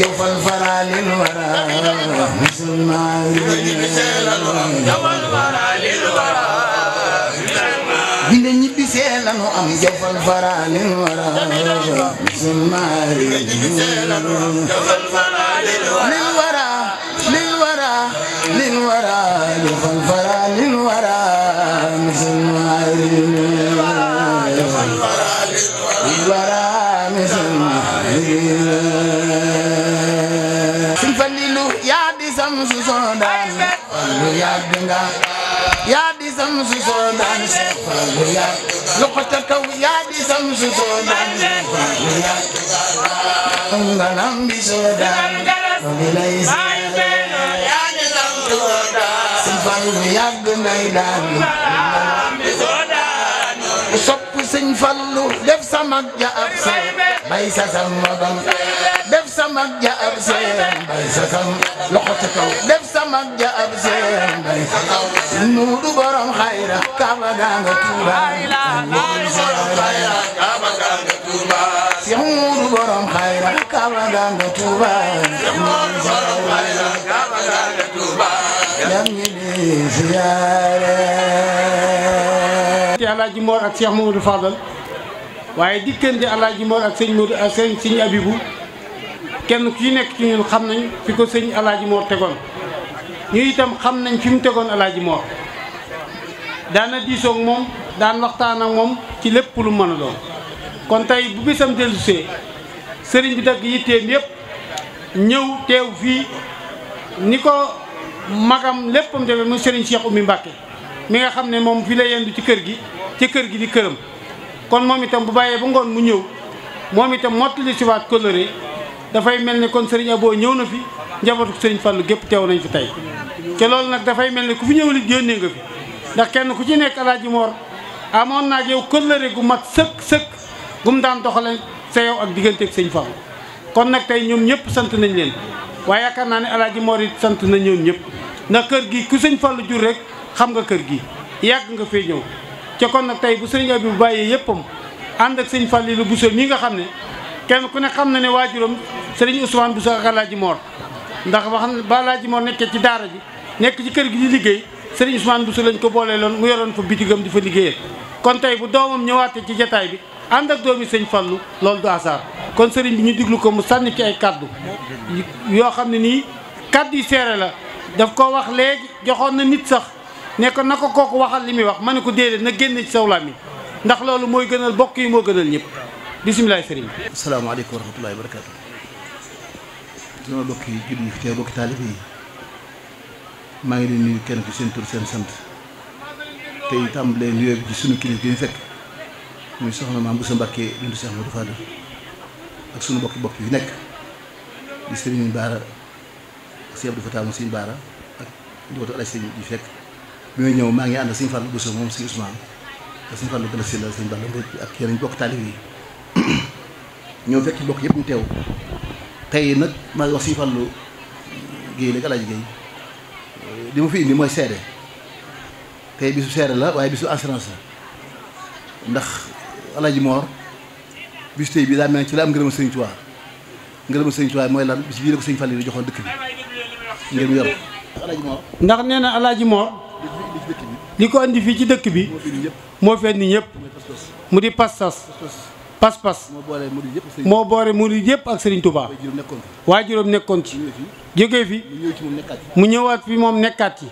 جوف الفرا للورى مثل ما بنا نيبي سيلانو ام جوف الفرا للورى مثل ما جوف الفرا للورى للورى للورى جوف الفرا للورى مثل ما للورى مثل ما samsu soo daan fallu yàgg nga yaa di samsu soo daan fallu yàgg loxo ca kaw yaa di samsu soo daan fallu yàgg nga nam bi soo daan fallu lay yaa di samsu soo daan fallu yàgg ngay daan nga nam bi soo daan sëñ fallu def sa mag ja ab seen bay sa sam madam def sa mag ja ab seen bay sa sam loxo ca kaw def sa mag ja ab seen bay sa kaw nuudu borom xayra kaaba gaa nga tuubaan nuudu borom xayra kaaba gaa nga tuubaan si nuudu borom xayra kaaba gaa nga tuubaan nuudu borom xayra kaaba gaa nga tuubaan yam ñi di siyaare diggante Alaaji Mor ak Cheikh Mamadou Fadal waaye diggante Alaaji Mor ak sëñ Modou ak sëñ sëñ Abibu kenn ku ci nekk ci ñun xam nañ fi ko sëñ Alaaji Mor tegoon ñu itam xam nañ fi mu tegoon Alaaji Mor daana diisoog moom daan waxtaan ak moom ci lépp lu mën a doon kon tey bu bisam dellusee sëriñ bi dagg yitteem yépp ñëw teew fii ni ko magam léppam demee mu sëriñ Cheikh Oumy Mbacké mi nga xam ne moom fi la yendu ci kër gi ci kër gi di këram kon moom itam bu bàyyee ba ngoon mu ñëw moom itam mottali si waat coloré dafay mel ne kon sëriñ Abo ñëw na fi njabootu sëriñ Fallou gépp teew nañ fi tey te loolu nag dafay mel ni ku fi ñëw li génnee nga ndax kenn ku ci nekk alaaji Mor amoon naa yow coloré gu mat sëkk sëkk gum daan doxale sa yow ak digganteeg sëñ Fallou kon nag tey ñoom ñëpp sant nañ leen waaye yaakaar naa ne alaaji Mor it sant nañ ñoom ñëpp ndax kër gi ku sëñ Fallou jur rek xam nga kër gi yàgg nga fee ñëw ca kon na tey bu sëriñ bi bu bàyyee yëppam ànd ak sëñ Fallilou Bousso mii nga xam ne kenn ku ne xam na ne waajuram sëriñ Ousmane Bousso ak Alaaji Moor ndax wax ba Alaaji Moor nekkee ci daara ji nekk ci kër gi di liggéey sëriñ Ousmane Bousso lañ ko booleeloon mu yoroon fa bitigam di fa liggéeyal kon tey bu doomam ñëwaatee ci jataay bi ànd ak doomi sëñ Fallu lool du asaar kon sëriñ bi ñu diglu ko mu sànni ci ay kàddu yoo xam ne nii kàddu yi la daf ko wax léegi joxoon na nit sax ne ko na ko kooku waxal li muy wax ma ne ko déedéet na génn ci sawlaam ndax loolu mooy gënal bokk yi moo gënal ñëpp bisimilah sëriñ bi. asalaamaaleykum wa rahmatullahi wa barakaatu. sama bokk yi jullit maa ngi leen nuyu kenn ku seen sant tey tàmbalee nuyoo bi ci sunu kilif fekk muy soxna maam bu sa Mbàkke bintu Cheikh Amadou Fadil ak sunu bokki bokk yi nekk di sëriñ Baara ak Cheikh Abdou Fatah mu sëriñ Baara ak njabootu Alaaji Sëriñ bi fekk. bi may ñëw maa ngi ànd ak sëñ Fallou Bousso moom sëñ Ousmane ak sëñ Fallou Gala Sylla sëñ Balla ak yeneen bokk taalib yi ñoo fekk bokk yëpp ñu teew tey nag maa ngi wax sëñ Fallou Guèye la Alaaji Guèye li ma fi indi mooy seede tey bisu seede la waaye bisu assurance ndax Alaaji Moor bisu tey bii daa mel ci la am ngërëm sëñ Tuubaa ngërëm sëñ Tuubaa mooy lan bis bii la ko sëñ Fallou di joxoon dëkk bi ngeen yor. ndax nee na Moor. li ko andi fii ci dëkk bi moo fi andi ñëpp mu di pas-pas pas-pas moo boole murid yëpp ak Serigne Touba waajuram nekkoon ci jógee fi mu ñëwaat fi moom nekkaat ci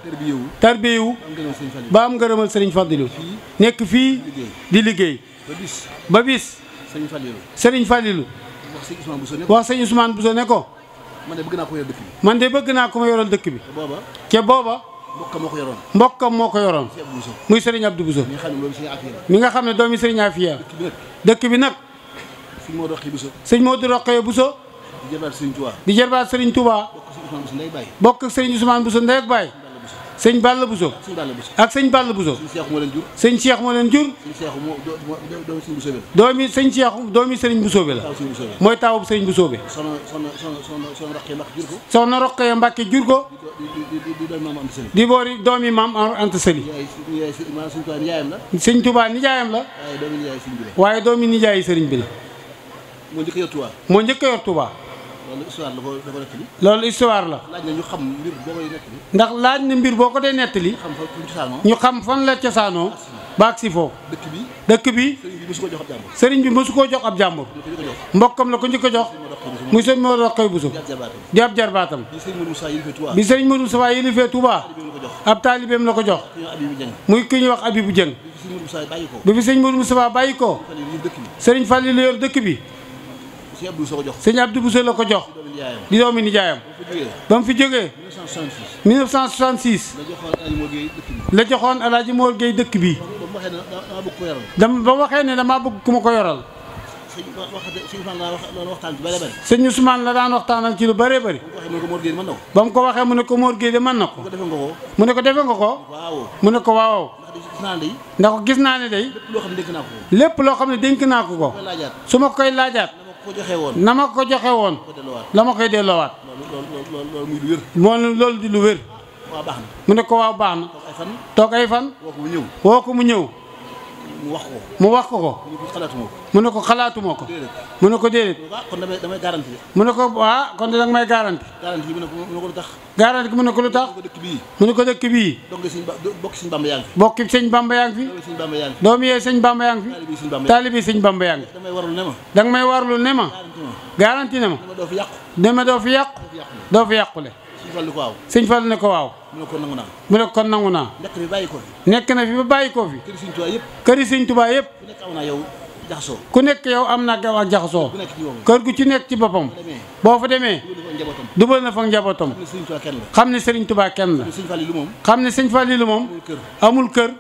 tarbiyewu ba am ngërëmal Serigne Fallilou nekk fii di liggéey ba bis Serigne Fallilou wax sëñ bu Bousso ne ko man de bëgg naa ko yoral dëkk bi ca booba mbokkam moo ko yoroon. mbokkam moo ko yoroon. muy Serigne Abdou Bousso. nga xam ne doomi Serigne Afia. dëkk bi nag. sëñ Modou Rokhaya Bousso. sëñ Modou Rokhaya Bousso. di jërbaat Serigne Touba. di jërbaat Serigne Touba. bokk ak Serigne Ousmane Bousso ak baay. sëñ Balla Bousso ak sëñ Balla Bousso sëñ Cheikh moo leen jur doomi sëñ Cheikh doomi sëriñ Bousso bi la mooy taawub sëriñ Bousso bi soxna Roqee Mbàkke jur ko di boori doomi maam Anta Sali sëñ Touba nijaayam la waaye doomi nijaayi sëriñ bi la moo njëkk yor Touba loolu histoire la boo da ko nettali. loolu histoire la. laaj na ñu boo koy nettali. ndax laaj na mbir boo ko dee nettali. ñu xam fan la cosaanoo. baag si foofu. dëkk bi dëkk bi. sëriñ bi mësu koo jox ab jàmbur. mbokkam la ko njëkk a jox. muy sëñ Modou Rokhaya Bousso. di ab jarbaatam. bi sëriñ Modou Moustapha yilifee Touba. ab taalibeem la ko jox. muy ki ñuy wax bu Dieng. bi fi sëñ Modou Moustapha bàyyi ko. sëriñ Fallou yor dëkk bi. sëñ Abdou Bousso la ko jox sëñ Abdou Bousso la ko jox di doomi nijaayam ba mu fi jógee 1966 la joxoon El Hadj Mor Gueye dëkk bi dama ba waxee ne damaa bëgg ku ma ko yoral sëñ Ousmane la daan waxtaanal ci lu bëree bëri ba mu ko waxee mu ne ko Mor Gueye de mën na ko mu ne ko defe nga ko mu ne ko waaw ndax gis naa ne day lépp loo xam ne dénk naa ko ko su ma koy laajaat ko joxe woon. na ma ko joxe woon. la ma koy delloowaat. loolu loolu di lu wér. mu ne ko waaw baax na. toog ay fan. woo ko mu ñëw. mu wax ko. mu wax ko ko. mu ne ko xalaatuma ko. mu ne ko déedéet. kon damay damay garanti. mu ne ko ah kon danga may garanti. garanti mu ne ko lu tax. garanti mu ne ko lu mu ne ko dëkk bii. bokk sëñ Bamba yaa ngi fi. bokk sëñ Bamba yaa ngi fi. doomu yee sëñ Bamba yaa ngi fi. taalibi sëñ Bamba yaa ngi fi. danga may warlu ne ma. garanti ne ma. dama doo fi yàqu. doo fi yàqule. sëñ Fallu ko waaw. sëñ Fallu ne ko waaw. mu ko nangu naa. mu ne ko nangu naa. nekk na fi ko nekk na fi ba bàyyi ko fi. kër yi sëñ Tuubaa yëpp. kër yi sëñ Tuubaa yëpp. ku nekk aw yow. jaxasoo ku nekk yow am na gaaw ak jaxasoo kër gu ci nekk ci boppam boo fa demee dubal na fa njabootam xam ne Serigne Touba kenn la xam ne Serigne Fallilou moom amul kër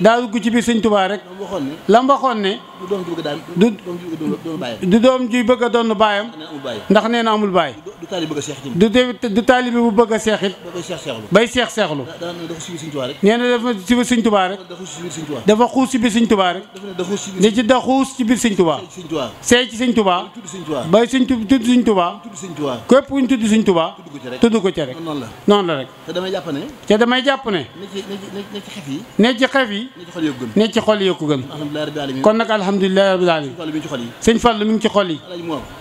daa dugg ci biir Serigne Touba rek la mu waxoon ne du du doom ji bëgg a doon baayam ndax nee na amul baay du du taalibi bu bëgg a seex it bay seex seexlu nee na dafa si biir Serigne Touba rek dafa xuus si biir Serigne Touba rek di ci dox xuus ci biir sëñ tubaa seey ci sëñ tubaa bay sëñ tudd sëñ tubaa képp ku ñu tudd sëñ tubaa tudd ko ca rek noon la rek te damay jàpp ne te jàpp ne ne ci xef yi ne ci xef yi ne ci xol yi ko gën kon nag alhamdulilahi rabbil alamin sëñ Fall mu ngi ci xol yi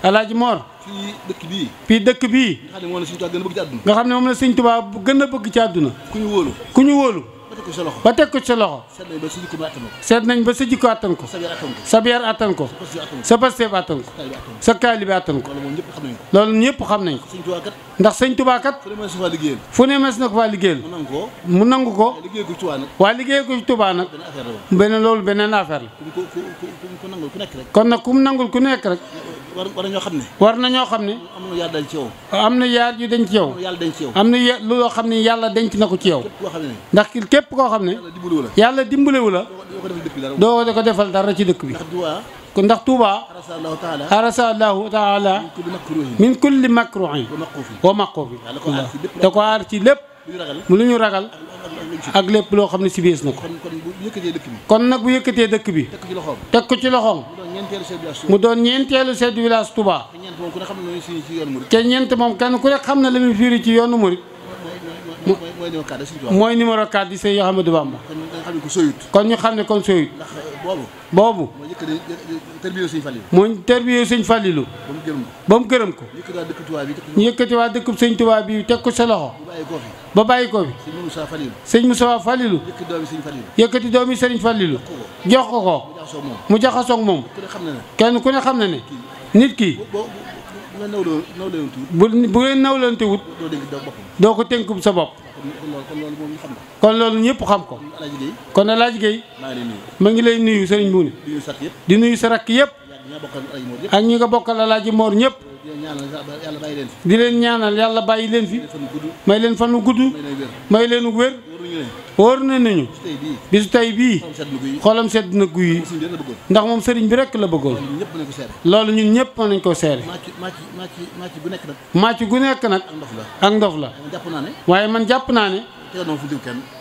alaaji moor fii dëkk bii fii dëkk bii nga xam ne moom la sëñ tubaa gën a bëgg ci àdduna ku ku ñu wóolu ba teg ko ci loxo ba teg ko ci loxo. seet nañ ba sa jikko attan ko. sa biir attan ko. sa pasteef attan ko. sa taalibe attan ko. loolu ñëpp xam nañ ko. ndax sëñ Tuubaa fu ne mas na ko faa liggéeyal. mu nangu ko. waa liggéey ko ci Tuubaa nag. beneen loolu beneen affaire la. kon nag ku mu nangul ku nekk rek. war war nañoo xam ne. war nañoo xam ne. am na yaar dañ ci yow. am na yaar yu dañ ci yow. yàlla denc yow. am na ya loo xam ne yàlla denc na ko ci yow. ndax képp koo xam ne. yàlla dimbalewu la. doo ko defal dara ci dëkk bi. kon ndax Touba. arasa allahu taala. min kulli makruhin wa maquufin. da ko aar ci lépp. mu lu ñu ragal. ak lépp loo xam ne si biis na ko kon nag bu yëkkatee dëkk bi teg ko ci loxoom mu doon ñeenteelu chef de village Touba te ñeent moom kenn ku ne xam ne la muy firi ci yoonu murit mooy numéro 4 di Sëñ Ahmadou Bamba. kon ñu xam ne kon soyut. Euh, boobu. mooy terbiyee Sëñ Falilu. ba mu gërëm ko. ñu yëkkati waa dëkkub Sëñ Tuubaa bi teg ko sa loxo. ba bàyyi ko fi. Sëñ Moussa Falilu. yëkkati doomi Sëriñ Falilu. jox ko ko. mu jaxasoo ak moom. kenn ku ne xam na ne. nit ki. bu bu ngeen nawlante wut doo ko tënk sa bopp. kon loolu ñëpp xam ko. kon El Hadj Guèye. ma ngi lay nuyu sëriñ Mboune. di nuyu sa rakk yëpp. ak ñi nga bokkal El Hadj Mor ñëpp. di leen ñaanal yàlla bàyyi leen fi. may leen fan gudd. may leen wér. wóor na nañu bisu tey bii xoolam sedd na guy ndax moom sëriñ bi rekk la bëggoon loolu ñun ñëpp mën nañ ko seere màcc gu nekk nag ak ndof la waaye man jàpp naa ne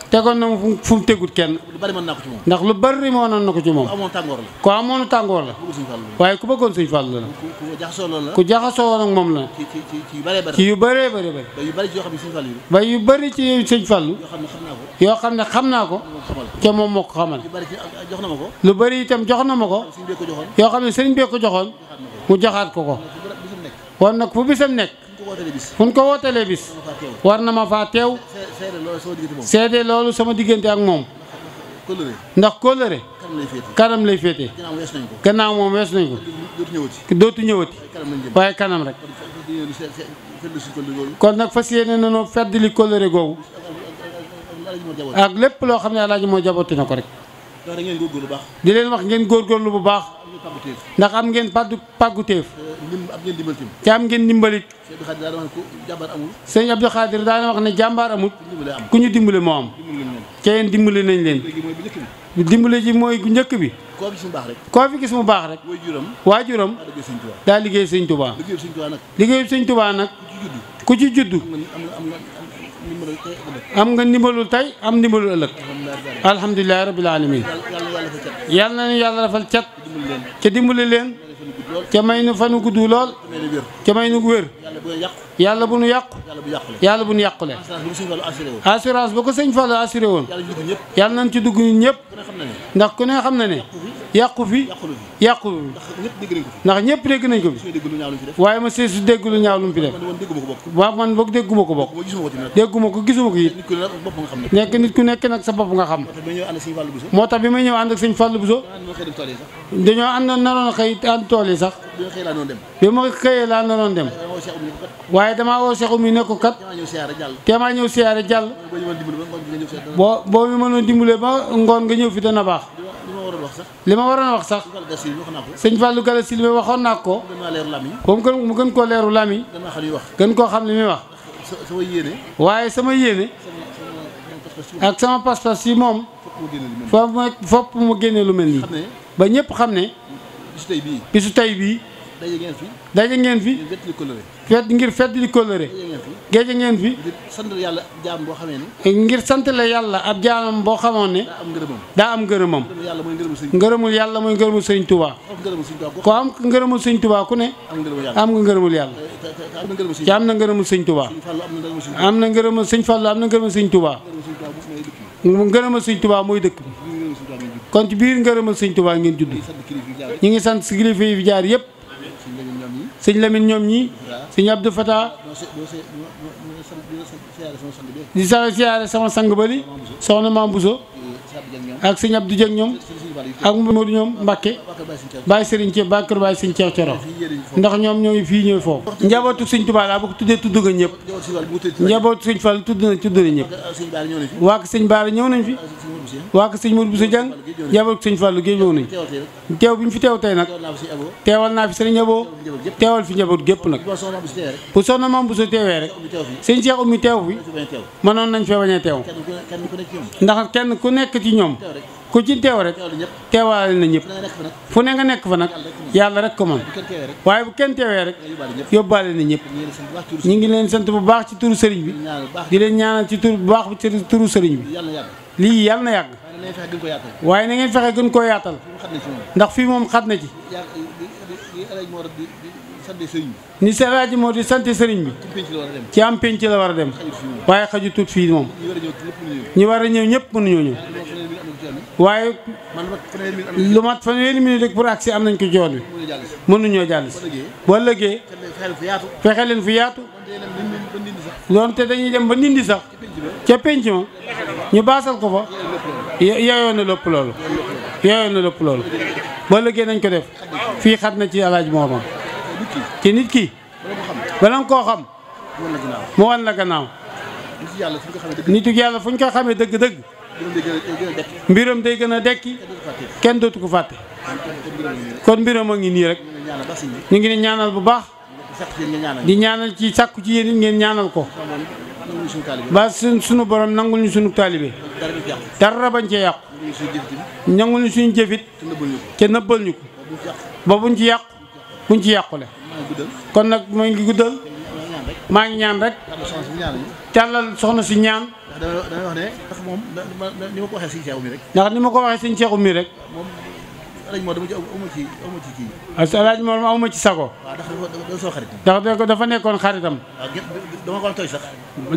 tegoon na mu fu mu tegut kenn. lu bari mën naa ndax lu bari mënoon na ko ci moom. ku amoon tàngoor la. ku amoon tàngoor waaye ku bëggoon suñ fàll la. ku ku jaxasoo loolu la. ku ak moom la. ci ci ci yu baree bëri. ci yu ba yu bëri ci yoo xam ba yu bëri ci suñ fàll. yoo xam ne xam naa ko. te moom moo ko xamal. lu bari itam jox na ma ko. yoo xam ne sëriñ bee ko joxoon mu joxaat ko ko. kon nag fu bisam nekk fu ñu ko wootelee bis war na ma faa teew seede loolu sama diggante ak moom ndax kóllëre kanam lay féete gannaaw moom wees nañ ko dootu ñëwati waaye kanam rek kon nag fas yéene nanoo feddali kóllëre googu ak lépp loo xam ne alaaji moo jabootu na ko rek da ngeen góorgóorlu bu baax. di leen wax ngeen góorgóorlu bu baax. ndax am ngeen pàddu pàgguteef. Eh, te am ngeen ndimbalit. sëñ Abdou Khadir daana wax ne jàmbaar amul. ku ñu dimbale moo am. te yéen dimbale nañ leen. dimbale ji mooy bu njëkk bi. koo fi gis mu baax rek. koo fi gis mu daa liggéey sëñ Touba. liggéeyu sëñ Touba nag. ku ci juddu. ku ci juddu. am nga ndimbalul tey am ndimbalul ëllëg alhamdulilahi rabbil alamin yal na ñu yàlla dafal cat ca dimbali leen ca may nu fanu gudd lool ca may nu wér yàlla bu nu yàqu yàlla bu nu yàqule assurance ba ko sëñ Fallou assuré woon yàlla nañ ci dugg ñun ñëpp ndax ku ne xam na ne yàqu fi yàqu fi ndax ñëpp dégg nañ ko fi waaye ma see su dégg lu ñaaw lu mu fi def waaw man boog dégguma ko bokk dégguma ko gisuma ko it nekk nit ku nekk nag sa bopp nga xam moo tax bi may ñëw ànd ak sëñ Fallou Bousso dañoo ànd naroon xëy ànd tool yi sax bi ma xëyee laa naroon dem waaye damaa woo Cheikh Oumy ne ko kat teemaa ñëw siyaare jàll boo boo ñu mënoon dimbalee ba ngoon nga ñëw fi dana baax waroon wax li ma waroon wax sax. sëñ Fallou Galassi li ma waxoon naa ko. ba mu gën mu koo leeru lami. gën koo xam li muy wax. waaye sama yéene. ak sama pas-pas yi moom. fopp mu génne lu mel nii. ba ñëpp xam ne. bisu tey bii. daje ngeen fi. daje ngeen fi. ngir fedd li coloré. fedd ngir fedd li coloré. daje fi. ngir sant la yàlla ab jaam boo xamee ne. ngir sant la yàlla ab jaamam boo xamoon ne. daa am ngërëmam. daa am ngërëmam. ngërëmul yàlla mooy ngërëmul sëñ Touba. ko am ngërëmul sëñ Touba ku ne. am nga ngërëmul yàlla. ci am na ngërëmul sëñ Touba. am na ngërëmul sëñ Fallou am na ngërëmul sëñ Touba. ngërëmul sëñ Touba mooy dëkk bi kon ci biir ngërëmal sëñ Tuubaa ngeen judd ñu ngi sant si kilifa yi fi jaar yëpp sëñ Lamine ñoom ñi sëñ Abdou Fata di sa siyaare sama sang bali soxna Maam Bousso mm. ak sëñ Abdou Dieng ñoom ak Modou ñoom Mbacke Baye Serigne Thiel Baye Kër Baye Serigne Thiel Coro ndax ñoom ñoo ngi fii ñëw foofu njabootu Sëñ Tuubaa laa bu ko tuddee tudd nga ñëpp njabootu Sëñ Fall tudd na tudd na ñëpp waa ko Sëñ Baara ñëw nañ fi waa ko Sëñ Modou Bousso Dieng njabootu Sëñ Fall géej nañ teew bi ñu fi teew tey nag teewal naa fi Sëriñ Abo teewal fi njaboot gépp nag bu soxna Maam Bousso teewee rek Sëñ Cheikh Oumy teew fi mënoon nañ fee bañ a teew ndax kenn ku nekk ci ñoom ku ci teew rek teewaale na ñëpp fu ne nga nekk fa nag yàlla rek ko man waaye bu kenn teewee rek yóbbaale na ñëpp ñu ngi leen sant bu baax ci turu sëriñ bi di leen ñaanal ci tur bu baax ci turu sëriñ bi lii yàlla na yàgg waaye na ngeen fexe gën koo yaatal ndax fii moom xat na ci ni seraaji moo di sant sëriñ bi ci am penc la war a dem waaye xaju tuut fii moom ñi war a ñëw ñëpp mënuñoo ñëw waaye lu mat fanweeri minute rek pour agsi am nañ ko joon bi mënuñoo jàll si boo lëggee fexe leen fu yaatu doonte dañuy dem ba nindi sax ca penc ma ñu baasal ko fa yeyoo na lépp loolu yeyoo na lépp loolu boo lëggee nañ ko def fii xat na ci alaaj moomam ci nit ki bala koo xam mu wan la gannaaw nitu yàlla fu ñu ko xamee dëgg-dëgg mbiram day gën a dekki kenn dootu ko fàtte kon mbiram a ngi nii rek ñu ngi ne ñaanal bu baax di ñaanal ci sàkku ci yéen ngeen ñaanal ko ba suñ sunu borom nangul ñu sunu taalibe dara bañ cee yàqu nangul ñu suñu jëfit ca nëbbal ñu ko ba buñ ci yàqu buñ ci yàqule kon nag maa ngi guddal maa ngi ñaan rek tàllal soxna si ñaan damay wax ne ndax moom ni ma ko waxee sëñ Cheikh rek. ndax ni ma ko waxee sëñ Cheikh rek. moom alaaj moor dama ci amu ci amu ci kii. alaaj moor ma amu ci sago. waaw ndax dafa soo xarit. ndax dafa nekkoon xaritam. waaw dama ko daan tooñ sax.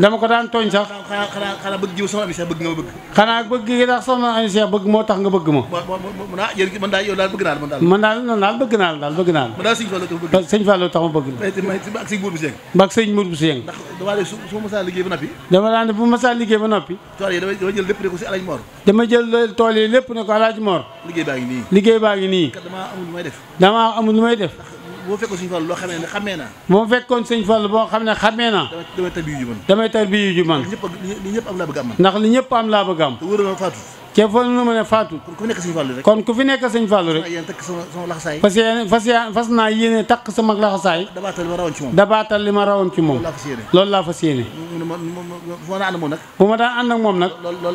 dama ko daan tooñ sax. xanaa xanaa bëgg jiw soxna Ami Cheikh bëgg nga ma bëgg. xanaa bëgg gi tax soxna Ami Cheikh bëgg moo tax nga bëgg ma. ah yéen man daal yow daal bëgg naa la man daal. man daal man daal bëgg naa la daal bëgg naa la. man daal sëñ Fallou tax sëñ Fallou tax ma bëgg la. ak sëñ Mourou Sène. ak sëñ Mourou Sène. ndax dama ne su ma masaa liggéey ba noppi. dama daan ne bu ma masaa liggéey ba noppi. tool yi dama jël lépp ne ko si alaaj moor. dama jël tool yi lépp ne ko alaaj moor. liggéey baa ngi nii liggéey baa ngi nii. damaa amul lu may def. damaa amul lu may def. boo fekkoon sëñ Fall loo xamee ne xamee naa. boo fekkoon sëñ Fall boo xam ne xamee naa. damay tarbiyu ju man. damay tarbiyu ju man. ndax li ñëpp am laa bëgg am. ndax li ñëpp am laa bëgg am. te ca fa nu ma ne faatu kon ku fi nekk sëñ Fallou rek kon ku fi nekk sëñ Fallou rek fas yéene fas yéene fas naa yéene takk sama laxasaay dabaatal li ma rawoon ci moom loolu laa fas yéene bu ma daan ànd ak moom nag bu ma daan ànd ak moom nag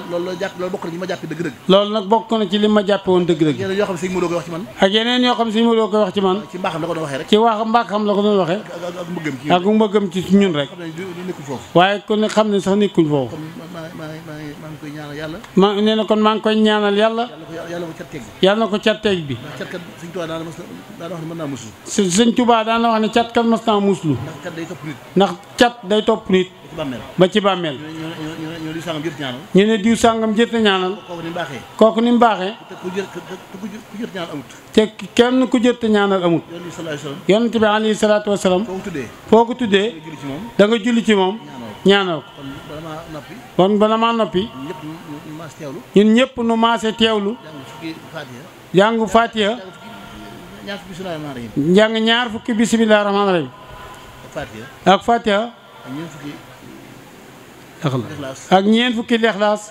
loolu bokk na ci li ma jàppe dëgg-dëgg loolu nag bokk na ci li ma jàppe woon dëgg-dëgg yoo xam ne sëñ Modou koy wax ci man ak yeneen yoo xam ne sëñ Modou koy wax ci man ci mbaaxam la ko doon waxee rek ci wax mbaaxam la ko doon waxee ak mbëggam ci ñun rek waaye ku ne xam ne sax nekkuñ foofu ma nee na kon maa ngi koy ñaanal yàlla. yàlla ko cat teg bi. yàlla na ko cat teg bi. ndax cat kat sëñ Tuubaa daana mas daana day topp nit. ba ci bàmmeel. ñu ne diw sàngam jëtt ñaanal. kooku ni mu baaxee. kooku ni mu baaxee. te kenn ku jëtt ñaanal amut. yonent bi alayhi salaatu wa salaam. foo ko tuddee. da julli ci moom. ñaanal ko. kon bala noppi. ñun ñëpp nu maase teewlu jàng faatiha jàng ñaar fukki bisimilah rahmaani rahim ak faatiha ak ñeent fukki lexlaas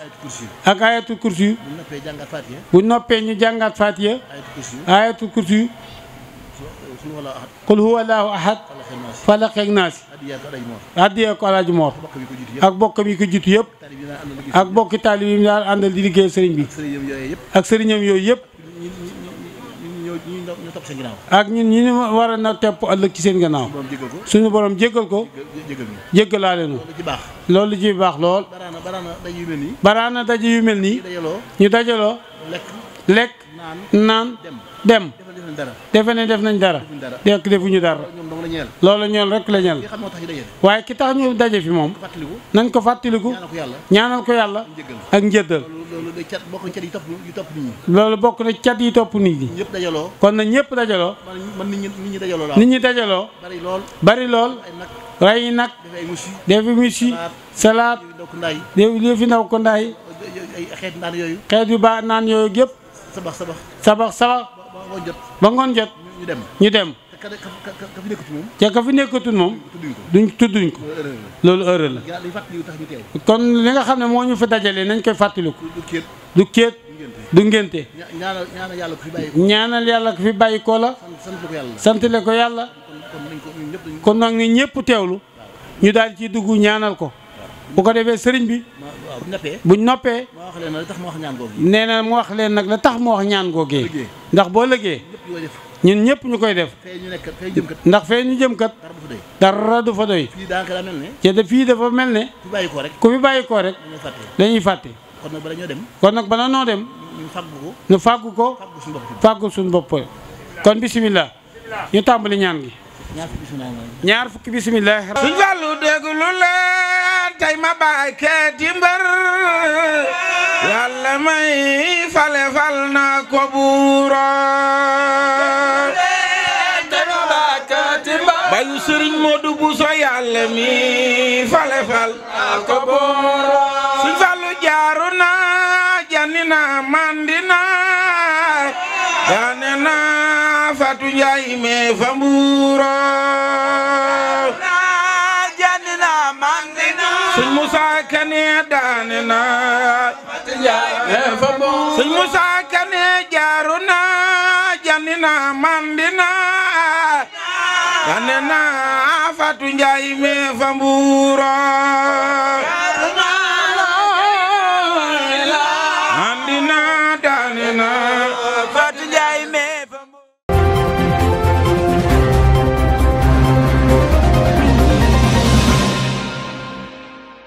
ak ayatul kursi bu noppee ñu jàngaat faatiha ayatul kursi qul huwa allahu ahad falaq ak naasi addiyee ko alaaji moor ak bokkam yi ko jiitu yëpp ak bokki taalib yi mu àndal di liggéey sëriñ bi ak sëriñam yooyu yëpp ak ñun ñu ñu war na tepp ëllëg ci seen gannaaw suñu borom jéggal ko jéggalaale nu loolu ci baax lool baraana daje yu mel nii ñu dajaloo lekk naan dem defe ne def nañ dara dekk defuñu dara loolu ñoom rek la ñeel waaye ki tax ñu daje fi moom nañ ko fàttaliku ñaanal ko yàlla ak njëddal loolu bokk na cat yi topp nit ñi kon na ñëpp dajaloo nit ñi dajaloo bari lool ray yi nag defi musi salaat def fi ndaw ko ndaay xeet yu baax naan yooyu gépp sabax sabax sabax ngoon jot ba ngoon jot ñu dem ñu dem ka fi nekkatun moom te ka fi nekkatun moom duñ tudduñ ko loolu erreur la kon li nga xam ne moo ñu fi dajalee nañ koy fàttaliku du kéet du ngénte ñaanal yàlla ko fi bàyyi ko la sant le ko yàlla kon nag ni ñëpp teewlu ñu daal ciy dugg ñaanal ko bu ko defee sëriñ bi. buñ noppee. nee na mu wax leen nag la tax mu wax ñaan googee. ndax boo lëgee. ñun ñëpp ñu koy def. ndax fee ñu jëm kat. dara du fa doy. ci da fi dafa mel ne. ku fi bàyyi koo rek. dañuy fàtte. kon nag ba ñoo dem. kon nag bala noo dem. ñu fàggu ko. fàggu suñ bopp kon bisimilah. ñu tàmbali ñaan gi. ñaar fukki bisimilah. suñ fàllu déglu leen. man tey ma mbër yàlla may fale na ko buuroon bayu sëriñ Modou Bousso yàlla mi fale na ko buuroon falu jaaru na janni na mandi na daane fatu njaay fa mbuuroon sëñ Moussa Kane daane na sëñ Moussa Kane mbuura